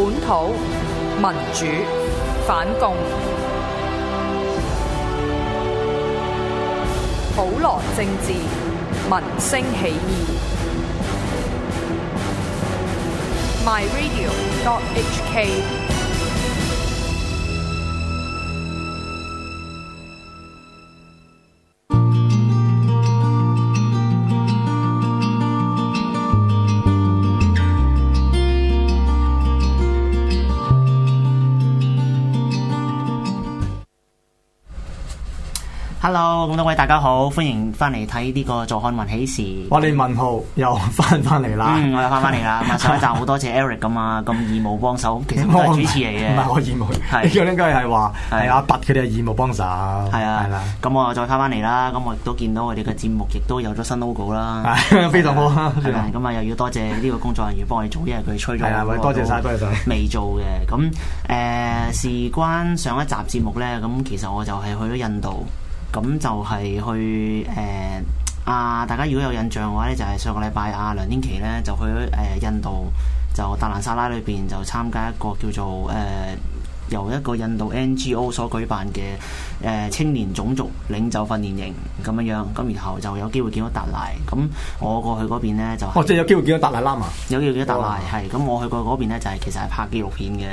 本土民主反共，普羅政治，民聲起義。MyRadio.hk。Hello，咁多位大家好，歡迎翻嚟睇呢個坐看雲起時。我哋文豪又翻翻嚟啦，我又翻翻嚟啦。上一集好多謝 Eric 咁啊，咁義務幫手，其實我係主持嚟嘅，唔係我義務。呢個應該係話係阿伯佢哋嘅義務幫手。係啊，咁我再翻翻嚟啦。咁我亦都見到我哋嘅節目亦都有咗新 logo 啦，非常好。咁啊又要多謝呢個工作人員幫你做，因為佢催咗。係啊，多謝晒，多謝晒。未做嘅咁誒，事關上一集節目咧，咁其實我就係去咗印度。咁就係去誒啊、呃，大家如果有印象嘅話咧，就係、是、上個禮拜啊梁天琦咧就去誒、呃、印度就達蘭薩拉裏邊就參加一個叫做誒、呃、由一個印度 NGO 所舉辦嘅誒、呃、青年種族領袖訓練營咁樣樣，咁然後就有機會見到達賴。咁我過去嗰邊咧就是、哦，即係有機會見到達賴喇嘛。有機會見到達賴係咁，哦、我去過嗰邊咧就係、是、其實係拍紀錄片嘅。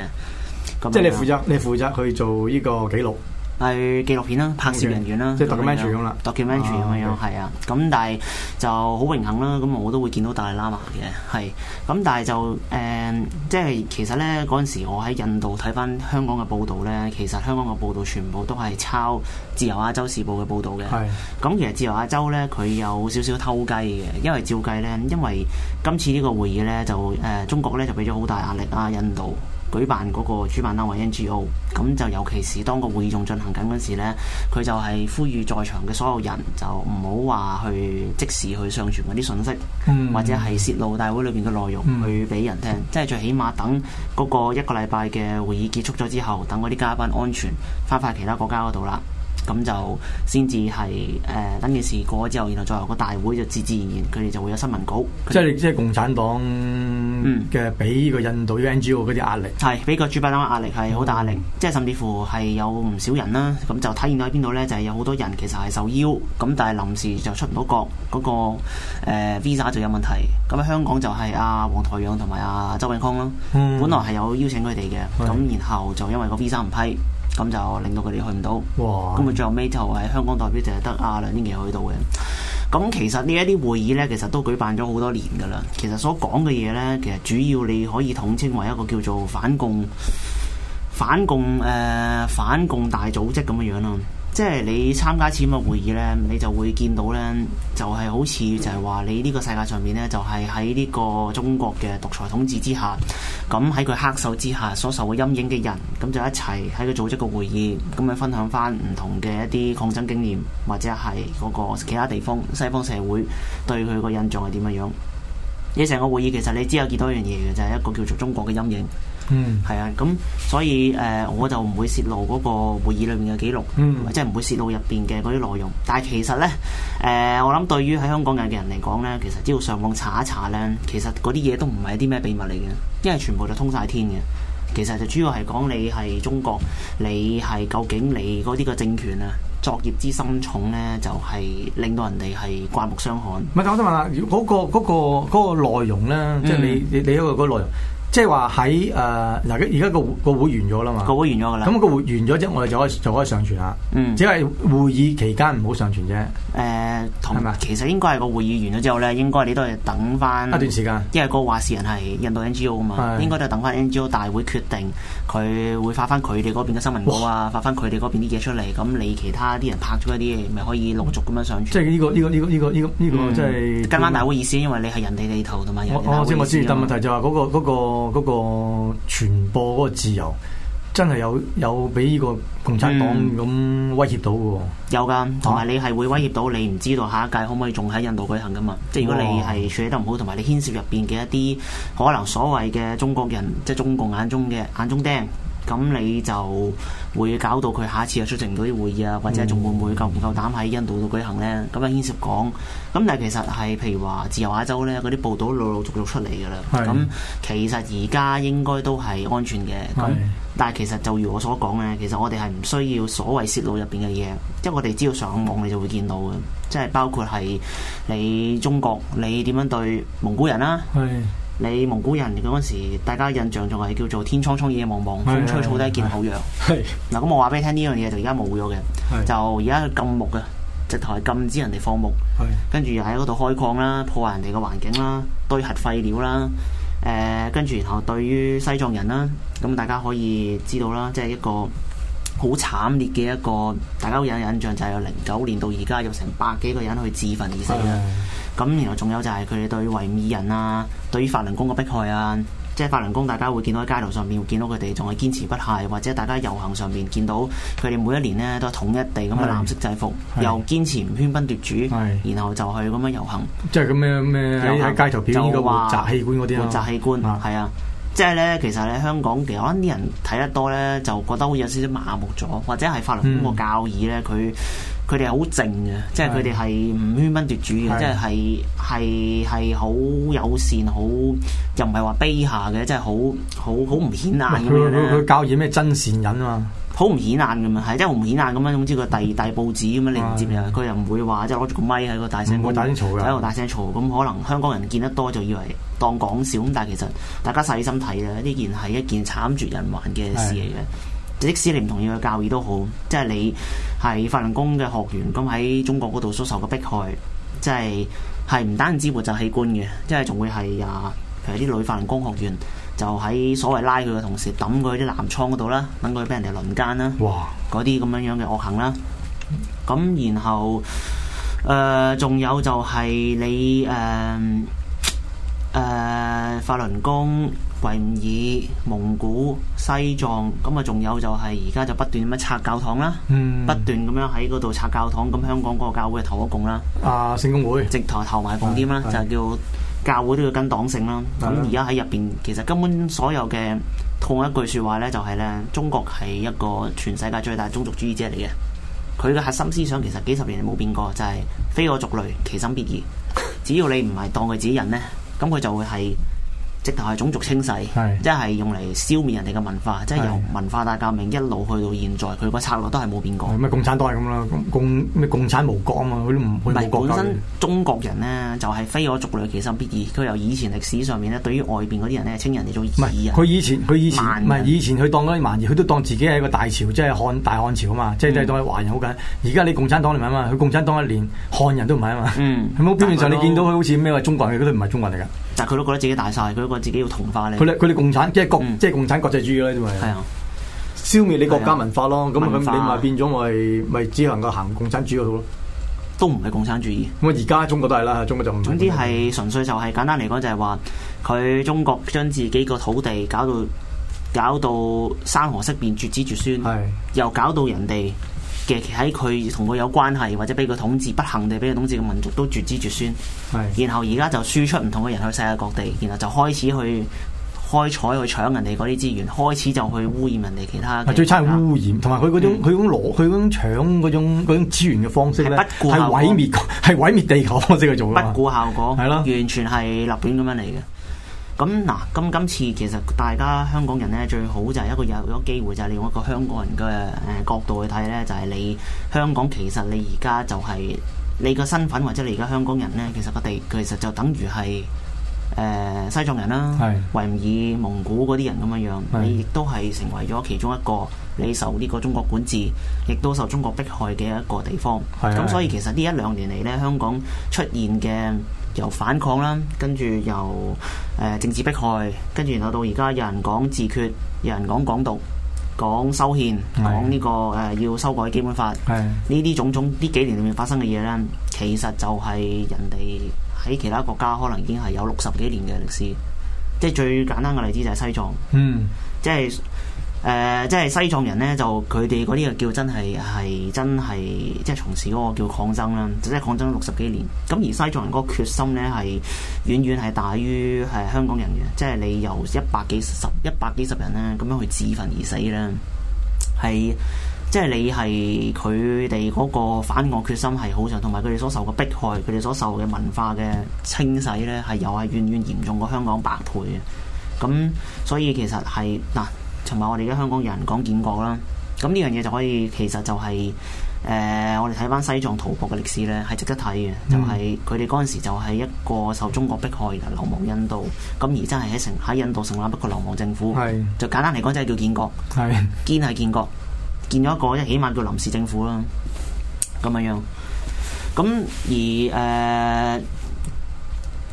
即係你負責你負責去做呢個記錄。係紀錄片啦、啊，拍攝人員啦，documentary 即咁樣啦，documentary 咁樣係啊，咁但係就好榮幸啦、啊，咁我都會見到達賴喇嘛嘅，係，咁但係就誒、嗯，即係其實咧嗰陣時我喺印度睇翻香港嘅報道咧，其實香港嘅報道全部都係抄自由亞洲時報嘅報道嘅，係是，咁其實自由亞洲咧佢有少少偷雞嘅，因為照計咧，因為今次呢個會議咧就誒、呃、中國咧就俾咗好大壓力啊印度。舉辦嗰個主辦單位 NGO，咁就尤其是當個會議仲進行緊嗰時呢佢就係呼籲在場嘅所有人就唔好話去即時去上傳嗰啲信息，或者係泄露大會裏面嘅內容去俾人聽。即係最起碼等嗰個一個禮拜嘅會議結束咗之後，等嗰啲嘉賓安全翻返其他國家嗰度啦。咁就先至係誒，等件事過咗之後，然後再有個大會就自自然然，佢哋就會有新聞稿。即係即係共產黨嘅俾個印度 NGO 嗰啲壓力係俾個主辦黨壓力係好大壓力，嗯、即係甚至乎係有唔少人啦。咁就體現到喺邊度咧？就係、是、有好多人其實係受邀，咁但係臨時就出唔到國，嗰、那個、呃、visa 就有問題。咁喺香港就係阿黃台仰同埋阿周永康啦。嗯、本來係有邀請佢哋嘅，咁然後就因為個 visa 唔批。咁就令到佢哋去唔到，咁啊哇，最後尾就係香港代表淨係得阿梁英杰去到嘅。咁其實呢一啲會議呢，其實都舉辦咗好多年噶啦。其實所講嘅嘢呢，其實主要你可以統稱為一個叫做反共、反共、誒、呃、反共大組織咁嘅樣咯。即係你參加一次咁嘅會議咧，你就會見到咧，就係、是、好似就係話你呢個世界上面咧，就係喺呢個中國嘅獨裁統治之下，咁喺佢黑手之下所受嘅陰影嘅人，咁就一齊喺佢組織個會議，咁樣分享翻唔同嘅一啲抗爭經驗，或者係嗰個其他地方西方社會對佢個印象係點樣樣？你、這、成個會議其實你知有幾多樣嘢嘅，就係、是、一個叫做中國嘅陰影。嗯，係啊，咁所以誒、呃，我就唔會泄露嗰個會議裏邊嘅記錄，或者係唔會泄露入邊嘅嗰啲內容。但係其實咧，誒、呃，我諗對於喺香港嘅人嚟講咧，其實只要上網查一查咧，其實嗰啲嘢都唔係啲咩秘密嚟嘅，因為全部就通晒天嘅。其實就主要係講你係中國，你係究竟你嗰啲嘅政權啊，作孽之深重咧，就係、是、令到人哋係刮目相看。唔係、嗯，我想問下嗰個嗰、那個嗰、那個內容咧，即係你你你一個嗰個內容。即係話，喺誒嗱而家個個會完咗啦嘛，個會完咗噶啦，咁個會完咗之後我哋就可以就可以上傳啦，嗯，只係會議期間唔好上傳啫。誒、呃、同吧其實應該係個會議完咗之後咧，應該你都係等翻一段時間，因為個話事人係印度 NGO 啊嘛，的應該都係等翻 NGO 大會決定佢會發翻佢哋嗰邊嘅新聞稿啊，哇發翻佢哋嗰邊啲嘢出嚟，咁你其他啲人拍咗一啲嘢，咪可以陸續咁樣上傳。即係呢個呢個呢個呢個呢個，即係跟翻大會意思，因為你係人哋地頭同埋人，人我。我即係我知，但問題就係、是、嗰、那個嗰、那個嗰、那個那個傳播嗰個自由。真係有有俾呢個共產黨咁威脅到喎、嗯，有噶，同埋你係會威脅到你唔知道下一屆可唔可以仲喺印度舉行㗎嘛？即係如果你係處理得唔好，同埋你牽涉入邊嘅一啲可能所謂嘅中國人，即係中共眼中嘅眼中釘。咁你就會搞到佢下一次又出席唔到啲會議啊，或者仲會唔會夠唔夠膽喺印度度舉行呢？咁啊，堅叔講，咁但係其實係譬如話自由亞洲呢，嗰啲報道陸陸續續出嚟㗎啦。咁是的 其實而家應該都係安全嘅。咁是的 但係其實就如我所講咧，其實我哋係唔需要所謂泄露入邊嘅嘢，因為我哋只要上網你就會見到嘅，即係包括係你中國你點樣對蒙古人啦、啊。你蒙古人佢嗰陣時，大家印象仲係叫做天蒼蒼，野茫茫，風吹草低見牛羊。係嗱，咁我話俾你聽，呢樣嘢就而家冇咗嘅。的就而家禁牧嘅，直頭係禁止人哋放牧。的跟住又喺嗰度開礦啦，破壞人哋嘅環境啦，堆核廢料啦。誒、呃，跟住然後對於西藏人啦，咁大家可以知道啦，即、就、係、是、一個好慘烈嘅一個，大家都有印象就係有零九年到而家有成百幾個人去自焚而死啦。的咁然後仲有就係佢哋對維吾爾人啊，對於法輪功嘅迫害啊，即係法輪功，大家會見到喺街頭上面，會見到佢哋仲係堅持不懈，或者大家遊行上面見到佢哋每一年呢都係統一地咁嘅藍色制服，是又堅持唔喧賓奪主，是然後就去咁樣遊行。即係咁樣咩？喺喺街頭表演嘅活摘器官嗰啲啊！活摘器官係、嗯、啊！即係咧，其實咧，香港其實可能啲人睇得多咧，就覺得好似有少少麻木咗，或者係法輪功個教義咧，佢。佢哋好靜嘅，即係佢哋係唔喧賓奪主嘅的，即係係係係好友善好又唔係話卑下嘅，即係好好好唔顯眼咁樣佢教演咩真善忍啊嘛，好唔顯眼咁啊，係即係好唔顯眼咁啊，總之佢遞大報紙咁樣你唔接嘅，佢又唔會話即係攞住個咪喺個大聲，喺度大聲嘈咁。可能香港人見得多就以為當講笑咁，但係其實大家細心睇咧，呢件係一件慘絕人寰嘅事嚟嘅。的即使你唔同意佢教義都好，即係你係法輪功嘅學員，咁喺中國嗰度所受嘅迫害，即係係唔單止活摘器官嘅，即係仲會係啊，譬如啲女法輪功學員就喺所謂拉佢嘅同時抌佢啲男倉嗰度啦，等佢俾人哋輪奸啦，嗰啲咁樣樣嘅惡行啦。咁然後誒仲、呃、有就係你誒誒、呃呃、法輪功。維吾爾、蒙古、西藏，咁啊，仲有就係而家就不斷咁樣拆教堂啦，不斷咁樣喺嗰度拆教堂，咁、嗯、香港嗰個教會就投咗共啦，啊聖公會直頭投埋共添啦，嗯、就係叫教會都要跟黨性啦。咁而家喺入邊，其實根本所有嘅同一句説話咧，就係咧，中國係一個全世界最大種族主義者嚟嘅。佢嘅核心思想其實幾十年冇變過，就係、是、非我族類，其心必異。只要你唔係當佢自己人咧，咁佢就會係。直頭係種族清洗，即係用嚟消滅人哋嘅文化，即係由文化大革命一路去到現在，佢個策略都係冇變過。咩共產黨係咁啦，共咩共產無國啊嘛？佢都唔佢冇國家。唔係本身中國人呢，就係非我族類，其心必異。佢由以前歷史上面咧，對於外邊嗰啲人呢，稱人哋做異人。佢以前佢以前唔係以前佢當嗰啲蠻夷，佢都當自己係一個大朝，即係漢大漢朝啊嘛，即係當係華人好緊。而家你共產黨嚟啊嘛，佢共產黨一年漢人都唔係啊嘛。表面上你見到佢好似咩中國人佢都唔係中國人嚟噶。但係佢都覺得自己大晒，佢都覺得自己要同化你。佢哋佢哋共產，即係、嗯、即係共產國際主義啦，就咪的。係啊，消滅你國家文化咯，咁咁你咪變咗咪咪只能夠行共產主義嗰度咯。都唔係共產主義。咁啊，而家中國都係啦，中國就。總之係純粹就係、係、簡單嚟講，就係話佢中國將自己個土地搞到搞到山河色變，絕子絕孫。係。又搞到人哋。嘅其喺佢同佢有關係，或者俾佢統治，不幸地俾佢統治嘅民族都絕子絕孫。的然後而家就輸出唔同嘅人去世界各地，然後就開始去開採去搶人哋嗰啲資源，開始就去污染人哋其他。最差係污染，同埋佢嗰種佢嗰的種攞佢嗰種搶嗰種資源嘅方式咧，不顧，係毀滅，係毀滅地球方式去做，不顧效果，係咯的，完全係立亂咁樣嚟嘅。咁嗱，咁今次其實大家香港人咧最好就係一個有一個機會，就係你用一個香港人嘅誒、呃、角度去睇咧，就係、是、你香港其實你而家就係、是、你個身份或者你而家香港人咧，其實個地其實就等於係誒、呃、西藏人啦、啊，是維吾爾蒙古嗰啲人咁樣樣，是你亦都係成為咗其中一個你受呢個中國管治，亦都受中國迫害嘅一個地方。咁的所以其實呢一兩年嚟咧，香港出現嘅～由反抗啦，跟住由誒、呃、政治迫害，跟住然後到而家有人講自決，有人講港獨，講修憲，講呢是的、呢個誒、呃、要修改基本法，呢啲是的 種種呢幾年裏面發生嘅嘢咧，其實就係人哋喺其他國家可能已經係有六十幾年嘅歷史，即係最簡單嘅例子就係西藏，嗯、即係。誒、呃，即係西藏人呢，就佢哋嗰啲啊叫真係係真係即係從事嗰個叫抗爭啦，就真係抗爭六十幾年。咁而西藏人嗰個決心呢，係遠遠係大於係香港人嘅，即係你由一百幾十一百幾十人呢，咁樣去自焚而死啦。係即係你係佢哋嗰個反抗決心係好強，同埋佢哋所受嘅迫害，佢哋所受嘅文化嘅清洗呢，係又係遠遠嚴重過香港百倍嘅。咁所以其實係嗱。同埋我哋而家香港人講建國啦，咁呢樣嘢就可以其實就係、是、誒、呃、我哋睇返西藏圖博嘅歷史咧，係值得睇嘅。嗯、就係佢哋嗰陣時就係一個受中國迫害嘅流亡印度，咁而真係喺成喺印度成立一個流亡政府，是 就簡單嚟講，真係叫建國，是 堅係建國，建咗一個即係起碼叫臨時政府啦。咁樣樣咁而誒。呃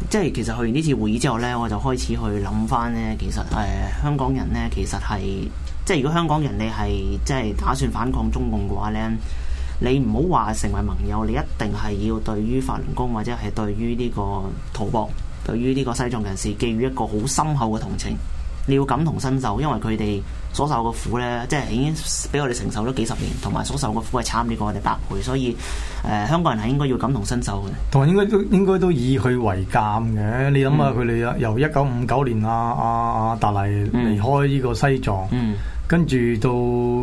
即係其實去完呢次會議之後呢，我就開始去諗翻呢。其實誒、呃、香港人呢，其實係即係如果香港人你係即係打算反抗中共嘅話呢，你唔好話成為盟友，你一定係要對於法輪功或者係對於呢個圖博，對於呢個西藏人士寄予一個好深厚嘅同情。你要感同身受，因為佢哋所受嘅苦咧，即係已經俾我哋承受咗幾十年，同埋所受嘅苦係差唔多我哋百倍，所以誒、呃、香港人係應該要感同身受嘅。同埋應該都應該都以佢為鑑嘅。你諗下，佢哋由一九五九年啊啊啊達賴離開呢個西藏，嗯、跟住到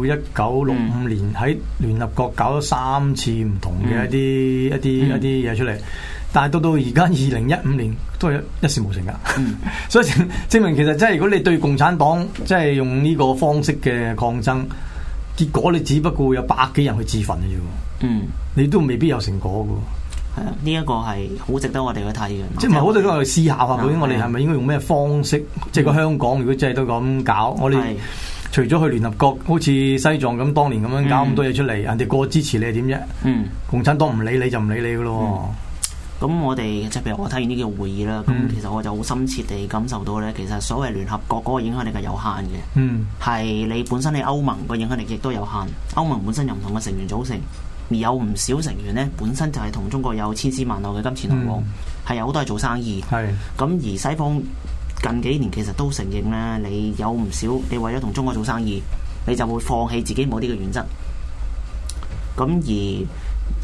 一九六五年喺、嗯、聯合國搞咗三次唔同嘅一啲、嗯、一啲一啲嘢、嗯、出嚟。但係到到而家二零一五年都係一事無成噶，所以證明其實即係如果你對共產黨即係用呢個方式嘅抗爭，結果你只不過有百幾人去自焚嘅啫，嗯，你都未必有成果嘅。係啊，呢一個係好值得我哋去睇嘅，即係唔係好多人去思考下，究竟我哋係咪應該用咩方式？即係個香港，如果真係都咁搞，我哋除咗去聯合國，好似西藏咁當年咁樣搞咁多嘢出嚟，人哋過支持你係點啫？共產黨唔理你就唔理你嘅咯。咁我哋即係譬如我睇完呢個會議啦，咁、嗯、其實我就好深切地感受到呢，其實所謂聯合國嗰個影響力係有限嘅，係、嗯、你本身你歐盟個影響力亦都有限。歐盟本身有唔同嘅成員組成，而有唔少成員呢，本身就係同中國有千絲萬縷嘅金錢來往，係有好、嗯、多係做生意。咁是而西方近幾年其實都承認呢，你有唔少你為咗同中國做生意，你就會放棄自己某啲嘅原則。咁而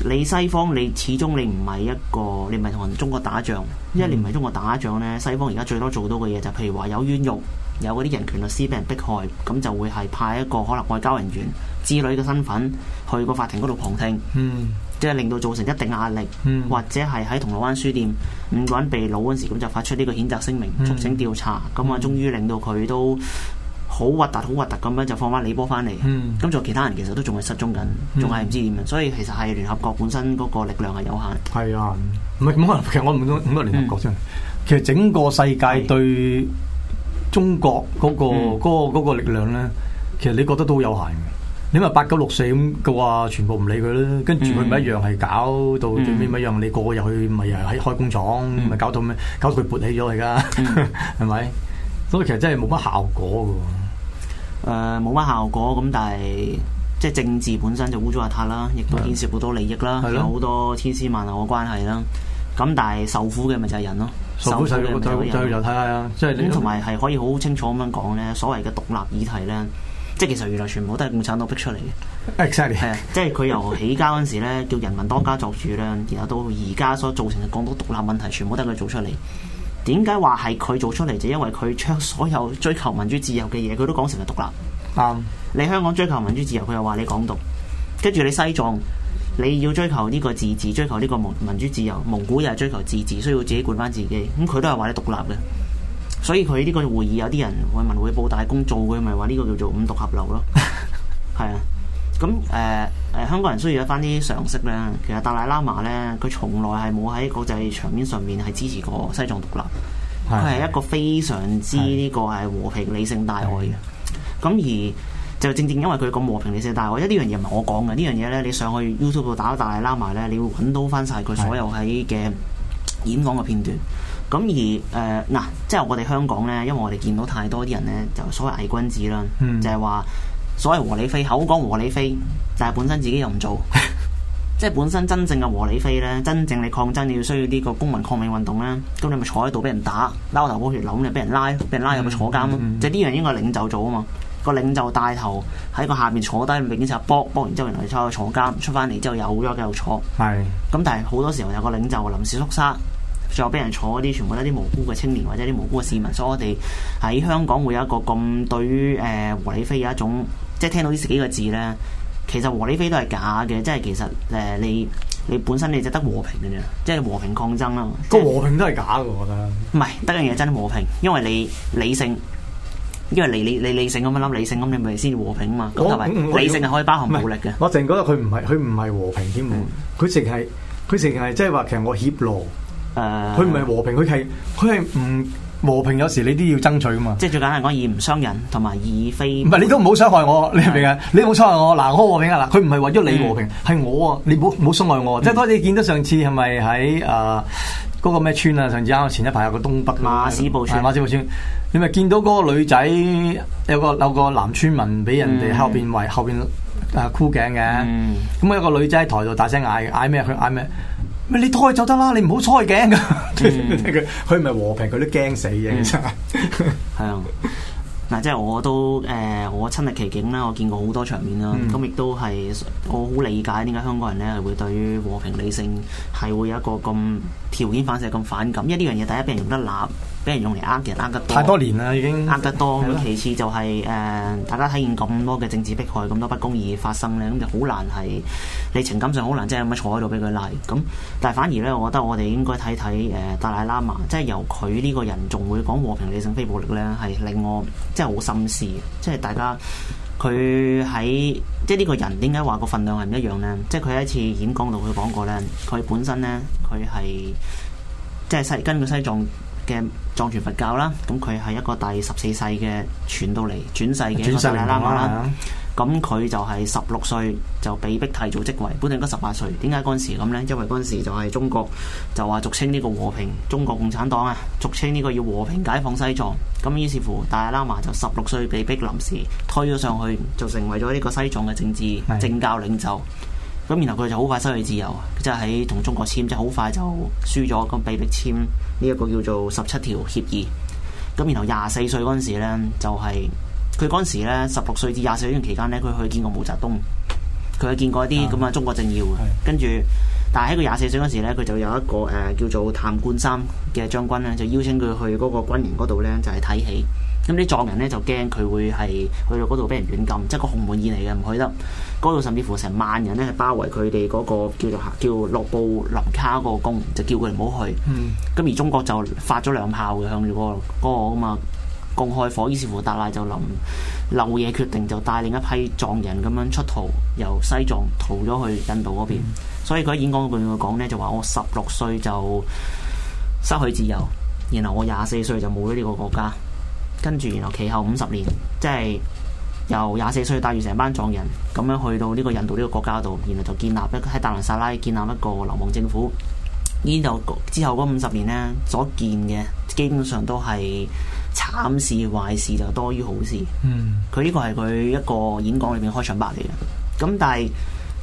你西方，你始終你唔係一個，你唔係同人中國打仗，一年唔係中國打仗呢，西方而家最多做到嘅嘢就譬如話有冤獄，有嗰啲人權律師俾人迫害，咁就會係派一個可能外交人員子女嘅身份去個法庭嗰度旁聽，嗯，即係令到造成一定壓力，嗯，或者係喺銅鑼灣書店唔滾被捕嗰陣時，咁就發出呢個譴責聲明，促請調查，咁啊，終於令到佢都。好核突，好核突咁樣就放翻李波翻嚟，咁就其他人其實都仲係失蹤緊，仲係唔知點樣。所以其實係聯合國本身嗰個力量係有限。係啊，唔係冇人。其實我唔中唔中聯合國真。其實整個世界對中國嗰個嗰個嗰個力量咧，其實你覺得都有限。你咪八九六四咁嘅話，全部唔理佢啦，跟住佢咪一樣係搞到最尾咪一樣，你個個入去咪又喺開工廠，咪搞到咪搞到佢勃起咗嚟㗎，係咪？所以其實真係冇乜效果嘅，誒、呃，冇乜效果。咁但係即係政治本身就污糟邋遢啦，亦都牽涉好多利益啦，的有好多千絲萬縷嘅關係啦。咁但係受苦嘅咪就係人咯，熟悟 受苦嘅咪就係人。咁同埋係可以好清楚咁樣講咧，所謂嘅獨立議題咧，即係其實原來全部都係共產黨逼出嚟嘅。Exactly 係啊，即係佢由起家嗰陣時咧，叫人民當家作主咧，然後到而家所造成嘅港獨獨立問題，全部都係佢做出嚟。點解話係佢做出嚟？就因為佢將所有追求民主自由嘅嘢，佢都講成係獨立。啱，um, 你香港追求民主自由，佢又話你港獨。跟住你西藏，你要追求呢個自治，追求呢個蒙民主自由，蒙古又係追求自治，需要自己管翻自己。咁、嗯、佢都係話你獨立嘅，所以佢呢個會議有啲人為文匯報大公做，佢咪話呢個叫做五獨合流咯。係 啊，咁誒。Uh, 誒，香港人需要一翻啲常識咧，其實達賴喇嘛咧，佢從來係冇喺國際場面上面係支持過西藏獨立，佢係的一個非常之呢個係和平理性大愛嘅。咁的而就正正因為佢咁和平理性大愛，一呢樣嘢唔係我講嘅，呢樣嘢咧你上去 YouTube 打達賴喇嘛咧，你會揾到翻晒佢所有喺嘅演講嘅片段。咁的而誒嗱、呃啊，即係我哋香港咧，因為我哋見到太多啲人咧，就所謂偽君子啦，嗯、就係話。所謂和理非，口講和理非，但係本身自己又唔做， 即係本身真正嘅和理非咧，真正你抗爭你要需要呢個公民抗命運動咧，咁你咪坐喺度俾人打，撈頭破血流你俾人拉，俾人拉入去坐監，即係呢樣應該係領袖做啊嘛，個領袖帶頭喺個下面坐低，並且卜卜完之後，人哋後去坐監，出翻嚟之後又咗繼續坐。係。咁但係好多時候有個領袖臨時縮沙，最後俾人坐嗰啲全部都係啲無辜嘅青年或者啲無辜嘅市民，所以我哋喺香港會有一個咁對於誒、呃、和理非有一種。即係聽到呢十幾個字咧，其實和理非都係假嘅，即係其實誒，你你本身你就得和平嘅啫，即係和平抗爭嘛。個和平都係假嘅，我得唔係得嘅嘢真和平，因為你理性，因為你理理性咁樣諗，理性咁你咪先和平啊嘛。理性係可以包含暴力嘅。我成覺得佢唔係佢唔係和平添，佢成係佢成係即係話其實我怯懦誒，佢唔係和平，佢係佢係唔。和平有時你都要爭取噶嘛？即係最簡單講以唔傷人同埋以非。唔係你都唔好傷害我，你明唔明啊？你唔好傷害我，嗱，我和平啊嗱，佢唔係為咗你和平，係我啊！你冇冇傷害我？即係當你見到上次係咪喺誒嗰個咩村啊？上次啱前一排有個東北馬屎步村，馬屎步村，你咪見到嗰個女仔有個有個男村民俾人哋後邊圍後邊誒箍頸嘅，咁有一個女仔喺台度大聲嗌，嗌咩？佢嗌咩？你猜就得啦，你唔好猜嘅。佢佢唔係和平，佢都驚死嘅，真係、嗯。啊， 嗱，即係我都誒、呃，我親歷其境啦，我見過好多場面啦，咁亦、嗯、都係我好理解點解香港人咧係會對於和平理性係會有一個咁條件反射咁反感，因為呢樣嘢第一俾人用得攔。俾人用嚟呃人呃得多，太多年啦已經。呃得多。咁的其次就係、是、誒、呃，大家體驗咁多嘅政治迫害、咁多不公義發生咧，咁就好難係你情感上好難，即係咁樣坐喺度俾佢拉。咁但係反而咧，我覺得我哋應該睇睇誒達賴喇嘛，即係由佢呢個人仲會講和平理性非暴力咧，係令我即係好心思。即係大家佢喺即係呢個人點解話個份量係唔一樣咧？即係佢一次演講度佢講過咧，佢本身咧佢係即係西根佢西藏。嘅藏傳佛教啦，咁佢係一個第十四世嘅傳到嚟轉世嘅大喇嘛啦。咁佢、嗯啊、就係十六歲就被逼提早即位，本應該十八歲。點解嗰陣時咁咧？因為嗰陣時就係中國就話俗稱呢個和平中國共產黨啊，俗稱呢個要和平解放西藏。咁於是乎，大阿喇嘛就十六歲被逼臨時推咗上去，就成為咗呢個西藏嘅政治政教領袖。咁然後佢就好快失去自由啊，即係喺同中國簽，即係好快就輸咗個，被迫簽呢一個叫做《十七條協議》。咁然後廿四歲嗰陣時咧，就係佢嗰陣時咧，十六歲至廿四歲期間咧，佢去見過毛澤東，佢去見過一啲咁嘅中國政要、嗯、跟住，但係喺佢廿四歲嗰陣時咧，佢就有一個誒叫做譚冠三嘅將軍咧，就邀請佢去嗰個軍營嗰度咧，就係睇戲。咁啲藏人咧就驚佢會係去到嗰度俾人軟禁，即係個鴻門宴嚟嘅，唔去得嗰度。甚至乎成萬人咧係包圍佢哋嗰個叫做叫羅布林卡個宮，就叫佢哋唔好去。咁、嗯、而中國就發咗兩炮向住嗰嗰個噶嘛，公、那、開、個、火。於是乎達賴就臨漏夜決定就帶另一批藏人咁樣出逃，由西藏逃咗去印度嗰邊。嗯、所以佢喺演講嗰部分講咧，就話我十六歲就失去自由，然後我廿四歲就冇咗呢個國家。跟住，然後其後五十年，即係由廿四歲帶住成班藏人咁樣去到呢個印度呢個國家度，然後就建立一喺達蘭薩拉建立一個流亡政府。依就之後嗰五十年呢，所見嘅基本上都係慘事、壞事就多於好事。嗯，佢呢個係佢一個演講裏面開場白嚟嘅。咁但係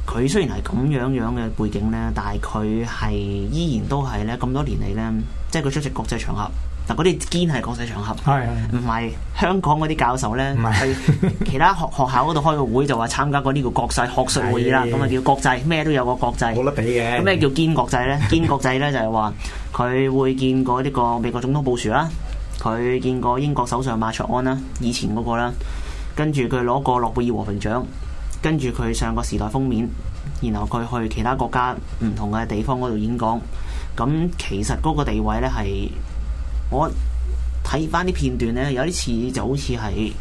佢雖然係咁樣樣嘅背景呢，但係佢係依然都係呢咁多年嚟呢，即係佢出席國際場合。嗱，嗰啲堅係國際場合，唔係 香港嗰啲教授咧，係 其他學學校嗰度開個會就話參加過呢個國際學術會議啦。咁啊 叫國際咩都有個國際，冇得比嘅。咁咩叫堅國際咧？ 堅國際咧就係話佢會見過呢個美國總統布殊啦，佢見過英國首相馬卓安啦，以前嗰個啦，跟住佢攞過諾貝爾和平獎，跟住佢上個時代封面，然後佢去其他國家唔同嘅地方嗰度演講。咁其實嗰個地位咧係。我睇翻啲片段呢，有啲似、那個、就好似係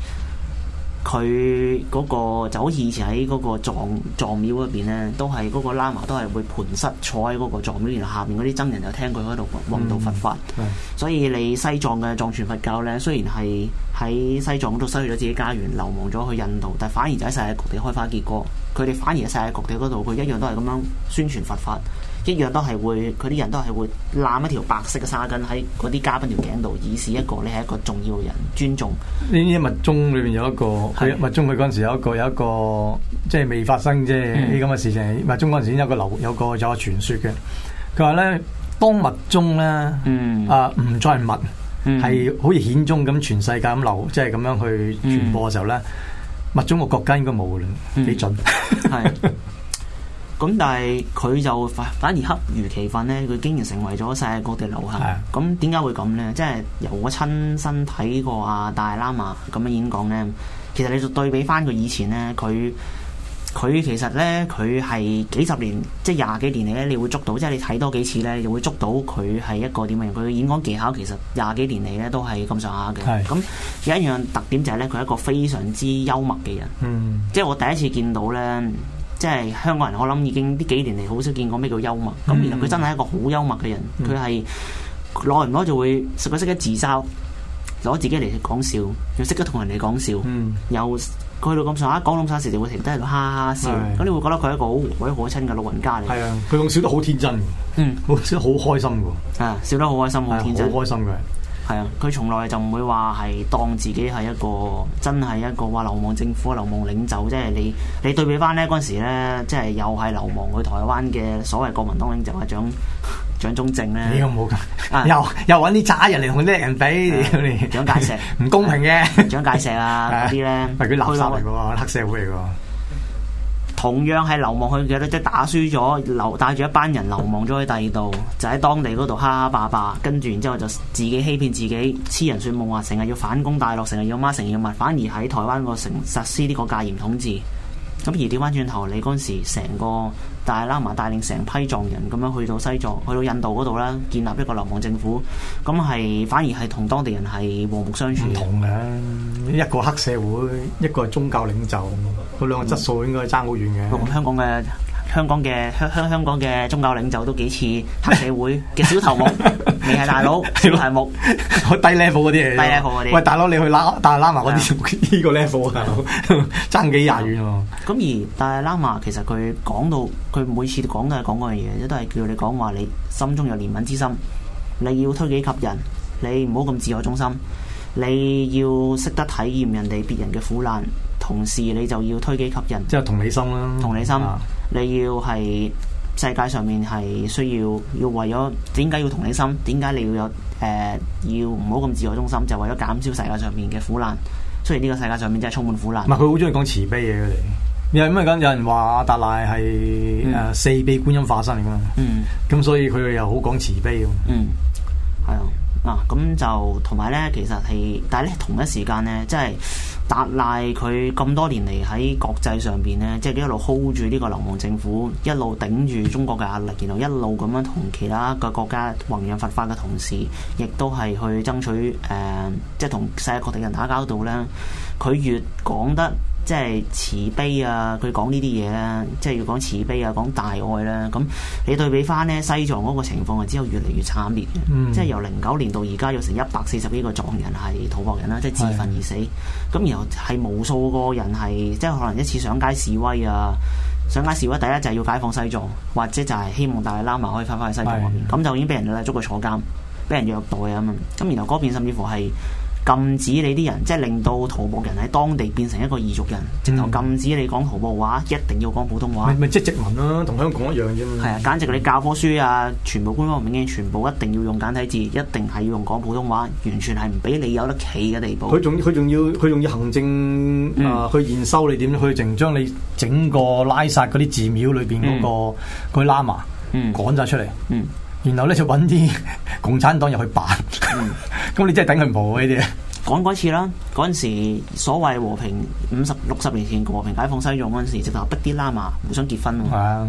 佢嗰個就好似以前喺嗰個藏藏廟嗰邊呢，都係嗰個喇嘛都係會盤膝坐喺嗰個藏廟，然後下面嗰啲僧人就聽佢喺度弘道佛法。嗯、所以你西藏嘅藏傳佛教呢，雖然係喺西藏都失去咗自己家園，流亡咗去印度，但反而就喺世界各地開花結果。佢哋反而喺世界各地嗰度，佢一樣都係咁樣宣傳佛法。一樣都係會，佢啲人都係會攬一條白色嘅紗巾喺嗰啲嘉賓條頸度，以示一個你係一個重要人，尊重。呢啲密宗裏邊有一個，密是宗佢嗰陣時有一個有一個，即係、就是、未發生即啫，呢啲咁嘅事情。密宗嗰陣時有個流，有個有，個，有個傳説嘅。佢話咧，當密宗咧，嗯、啊唔再係密，係、嗯、好似顯宗咁全世界咁流，即係咁樣去傳播嘅時候咧，密、嗯、宗個國家應該冇嘅啦，幾準。嗯 咁但係佢就反反而恰如其分咧，佢竟然成為咗世界各地流行。咁點解會咁呢？即係由我親身睇過啊，達賴喇嘛咁樣演講呢。其實你做對比翻佢以前呢，佢佢其實呢，佢係幾十年即係廿幾年嚟呢，你會捉到，即係你睇多幾次咧，你就會捉到佢係一個點樣？佢嘅演講技巧其實廿幾年嚟呢都係咁上下嘅。咁是的 有一樣特點就係呢，佢係一個非常之幽默嘅人。是的 嗯、即係我第一次見到呢。即係香港人，我諗已經呢幾年嚟好少見過咩叫幽默。咁原來佢真係一個好幽默嘅人，佢係攞唔攞就會識得識得自嘲，攞自己嚟講笑，又識得同人哋講笑。嗯、又去到咁上下、啊、講咁曬時，就會停低喺度哈哈笑。咁的你會覺得佢係一個好和藹可親嘅老人家嚟。係啊，佢仲笑得好天真，嗯，嗯，笑得好開心喎。啊，笑得好開心，好天真，好開心嘅。係啊，佢從來就唔會話係當自己係一個真係一個話流亡政府、流亡領袖，即係你你對比翻咧嗰陣時咧，即係又係流亡去台灣嘅所謂國民黨領袖啊，蔣蔣中正咧，呢個冇噶，又又揾啲渣人嚟同啲人比，你蔣介石，唔 公平嘅，蔣介石啊嗰啲咧，係佢 垃圾嚟噶，黑社會嚟噶。同樣係流亡去嘅，多即係打輸咗，流帶住一班人流亡咗去第二度，就喺當地嗰度哈哈霸霸，跟住然之後就自己欺騙自己，痴人說夢話，成日要反攻大陸，成日要乜成日要物，反而喺台灣個城實施呢個戒嚴統治，咁而調翻轉頭，你嗰陣時成個。但係喇嘛帶領成批藏人咁樣去到西藏，去到印度嗰度啦，建立一個流亡政府，咁係反而係同當地人係和睦相處。唔同嘅。一個黑社會，一個係宗教領袖，嗰兩個質素應該爭好遠嘅。同、嗯、香港嘅香港嘅香香香港嘅宗教領袖都幾似黑社會嘅小頭目。 你係大佬，係木，我 低 level 嗰啲嚟，低 level 嗰啲。喂，大佬你去拉，但係喇嘛嗰啲呢個 level，大佬爭幾廿遠喎。咁而但係喇嘛，其實佢講到，佢每次都講每次都係講嗰樣嘢，即都係叫你講話，你心中有憐憫之心，你要推己及人，你唔好咁自我中心，你要識得體驗人哋別人嘅苦難，同時你就要推己及人，即係同理心啦、啊，同理心，你要係。Yeah. 世界上面係需要要為咗點解要同理心？點解你要有誒、呃？要唔好咁自我中心，就是，為咗減少世界上面嘅苦難。雖然呢個世界上面真係充滿苦難。唔係佢好中意講慈悲嘢嘅，你因為咁有人話阿達賴係誒四臂觀音化身嚟噶嘛？咁、嗯、所以佢又好講慈悲。嗯，係啊，啊咁就同埋咧，其實係，但係咧同一時間咧，即係。達賴佢咁多年嚟喺國際上邊呢，即係一路 hold 住呢個流亡政府，一路頂住中國嘅壓力，然後一路咁樣同其他嘅國家弘揚佛法嘅同時，亦都係去爭取誒，即係同世界各地人打交道呢，佢越講得。即係慈悲啊！佢講呢啲嘢咧，即、就、係、是、要講慈悲啊，講大愛啦、啊。咁你對比翻咧西藏嗰個情況啊，之後越嚟越慘烈嘅。嗯、即係由零九年到而家，有成一百四十幾個藏人係圖博人啦，即、就、係、是、自焚而死。咁是 然後係無數個人係即係可能一次上街示威啊，上街示威第一就係要解放西藏，或者就係希望達賴喇嘛可以翻返去西藏嗰邊。咁是 就已經俾人捉佢坐監，俾人虐待啊嘛。咁然後嗰邊甚至乎係。禁止你啲人，即係令到圖博人喺當地變成一個異族人，直頭禁止你講圖博話，一定要講普通話。咪咪、嗯、即係殖民啦，同香港一樣啫嘛。係啊，簡直你教科書啊，全部官方文件全部一定要用簡體字，一定係要用講普通話，完全係唔俾你有得企嘅地步。佢仲佢仲要佢仲要行政啊，去驗收你點去淨將你整個拉薩嗰啲寺廟裏邊嗰個嗰、嗯、喇嘛趕晒出嚟。嗯嗯。然後咧就揾啲共產黨入去辦，咁、嗯、 你真係頂佢唔無呢啲。講嗰次啦，嗰陣時所謂和平五十六十年前和平解放西藏嗰陣時，直頭逼啲喇嘛互相結婚喎。啊，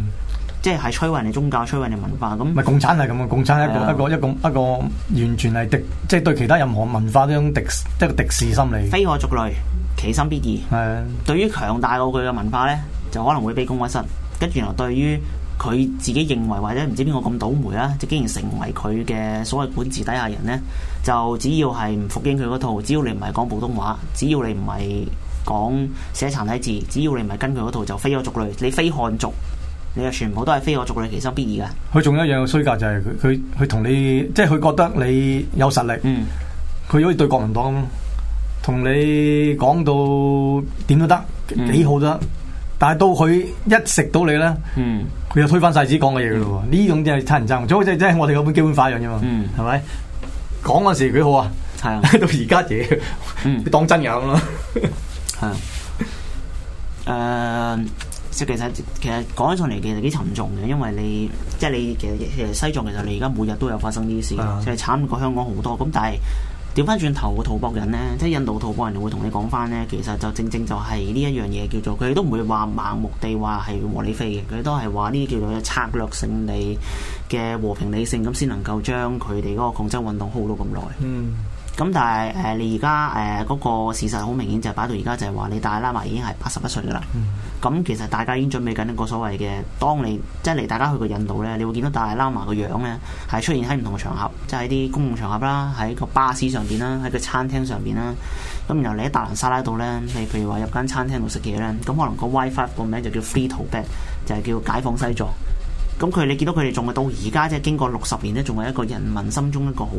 即係係摧毀人哋宗教、摧毀人哋文化咁。咪共產係咁啊！共產，共產一個、啊、一個一個一個完全係敵，即係對其他任何文化都係敵一個敵視心理。非我族類，其心必異。係啊。對於強大到佢嘅文化咧，就可能會被公開失，跟住然後對於。佢自己認為或者唔知邊個咁倒楣啦，即竟然成為佢嘅所謂管治底下人咧，就只要係唔服應佢嗰套，只要你唔係講普通話，只要你唔係講寫殘體字，只要你唔係跟佢嗰套，就非我族類。你非漢族，你係全部都係非我族類其、其心必異㗎。佢仲有一樣衰格就係佢佢佢同你，即係佢覺得你有實力。嗯。佢好似對國民黨咁，同你講到點都得，幾好得。但係到佢一食到你咧，佢、嗯、就推翻晒自己講嘅嘢噶咯喎。呢、嗯、種真係差人爭，就好似即係我哋嗰本基本法一樣啫嘛。係咪、嗯、講嗰陣時幾好啊？係啊，到而家嘢，你、嗯、當真噶咁咯。係啊，誒、呃，其實其實講起上嚟其實幾沉重嘅，因為你即係你其實其實西藏其實你而家每日都有發生呢啲事，嗯、就係慘過香港好多。咁但係。調翻轉頭個圖博人呢？即係印度圖博人會同你講翻呢。其實就正正就係呢一樣嘢叫做，佢哋都唔會話盲目地話係和理非嘅，佢哋都係話呢啲叫做策略性，利嘅和平理性咁先能夠將佢哋嗰個抗爭運動耗到咁耐。嗯。咁但係誒，你而家誒嗰個事實好明顯就係擺到而家就係話你達賴喇嘛已經係八十一歲噶啦。咁、嗯、其實大家已經準備緊一個所謂嘅當你即係嚟大家去過印度咧，你會見到達賴喇嘛個樣咧係出現喺唔同嘅場合，即係喺啲公共場合啦，喺個巴士上邊啦，喺個餐廳上邊啦。咁然後你喺達蘭沙拉度咧，你譬如話入間餐廳度食嘢咧，咁可能個 WiFi 個名就叫 Free Tibet，就係叫解放西藏。咁佢你見到佢哋仲係到而家，即係經過六十年咧，仲係一個人民心中一個好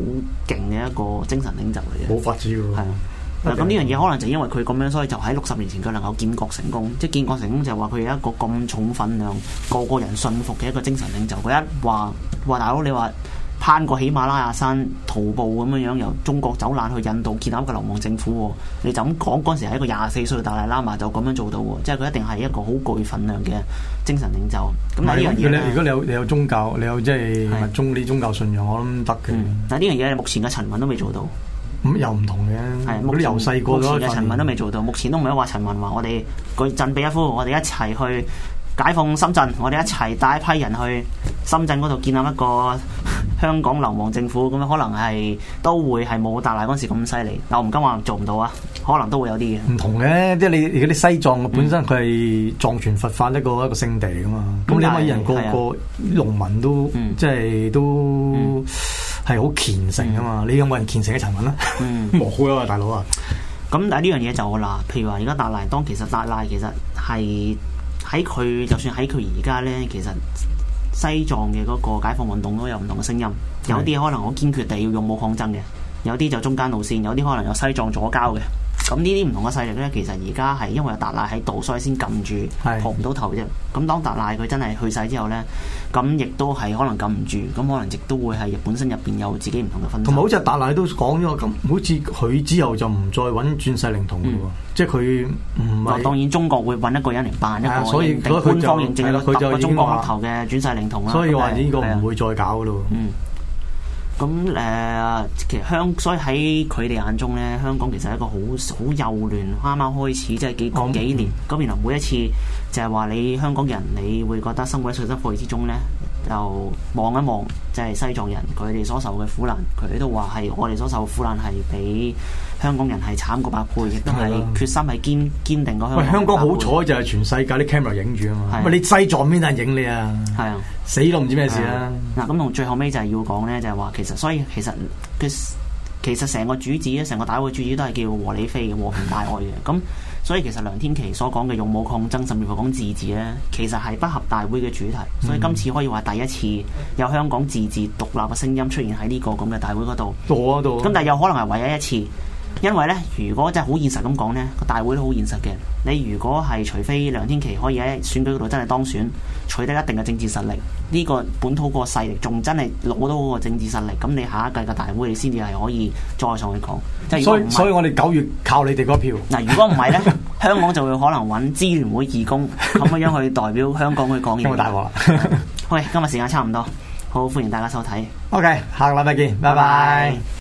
勁嘅一個精神領袖嚟嘅。冇法子喎。係啊的，咁呢樣嘢可能就因為佢咁樣，所以就喺六十年前佢能夠建國成功，即係建國成功就係話佢有一個咁重份量，個個人信服嘅一個精神領袖。佢一話話大佬，你話。攀過喜馬拉雅山徒步咁樣樣，由中國走難去印度建立一個流亡政府，你就咁講嗰陣時係一個廿四歲嘅達賴喇嘛就咁樣做到，即係佢一定係一個好具份量嘅精神領袖。咁呢樣嘢，如果你有，你有宗教，你有即係中啲宗教信仰我，我諗得嘅。但呢樣嘢，目前嘅陳，陳雲都未做到又唔同嘅。係嗰由細個嗰個陳雲都未做到，目前都唔係話陳雲話我哋佢振臂一呼，我哋一齊去解放深圳，我哋一齊帶一批人去深圳嗰度建立一個。香港流亡政府咁樣可能係都會係冇達賴嗰時咁犀利，但我唔敢話做唔到啊，可能都會有啲嘅。唔同嘅，即係你而家啲西藏本身佢係藏傳佛法一個一個聖地嚟噶嘛，咁、嗯、你點解人但個個農民都、嗯、即係都係好虔誠啊嘛？你有冇人虔誠嘅臣民啊？嗯、 和好啊，大佬啊！咁但係呢樣嘢就嗱，譬如話而家達賴當，其實達賴其實係喺佢，就算喺佢而家咧，其實。西藏嘅嗰個解放運動都有唔同嘅聲音，有啲可能好堅決地要用武抗爭嘅，有啲就中間路線，有啲可能有西藏左膠嘅。咁呢啲唔同嘅勢力咧，其實而家係因為有達賴喺度，所以先撳住，蒲唔到頭啫。咁當達賴佢真係去世之後咧，咁亦都係可能撳唔住，咁可能亦都會係本身入邊有自己唔同嘅分。同埋好似達賴都講咗咁，好似佢之後就唔再揾轉世靈童嘅喎，嗯、即係佢唔係。當然中國會揾一個人嚟扮一個所以一官方認證嘅中國磕頭嘅轉世靈童啦。所以話呢個唔會再搞咯。嗯。嗯。咁誒、呃，其實香，所以喺佢哋眼中咧，香港其實係一個好好幼嫩啱啱開始，即係幾講、嗯、幾年。咁原來每一次就係話你香港人，你會覺得生活喺水深火熱之中咧。看看就望一望，即係西藏人佢哋所受嘅苦難，佢都話係我哋所受苦難係比香港人係慘過百倍，的亦都係決心係堅堅定過香港，香港好彩就係全世界啲 camera 影住啊嘛！喂的，你西藏邊有人影你啊？係的啊，死都唔知咩事啦！咁、啊、同最後尾就係要講咧，就係、是、話其實所以其實嘅其實成個主旨咧，成個大會主旨都係叫和理非嘅和平大愛嘅咁。 所以其實梁天琦所講嘅勇武抗爭，甚至乎講自治呢，其實係不合大會嘅主題。所以今次可以話第一次有香港自治獨立嘅聲音出現喺呢個咁嘅大會嗰度。咁、啊啊、但係有可能係唯一一次。因為咧，如果真係好現實咁講呢個大會都好現實嘅。你如果係除非梁天琦可以喺選舉度真係當選，取得一定嘅政治實力，呢、這個本土個勢力仲真係攞到嗰個政治實力，咁你下一屆嘅大會你先至係可以再上去講。所以，所以我哋九月靠你哋嗰票。嗱， 如果唔係呢，香港就會可能揾支聯會義工咁嘅樣去代表香港去講嘢。今日大鑊啦！喂 ，okay, 今日時間差唔多，好歡迎大家收睇。OK，下個禮拜見，拜拜。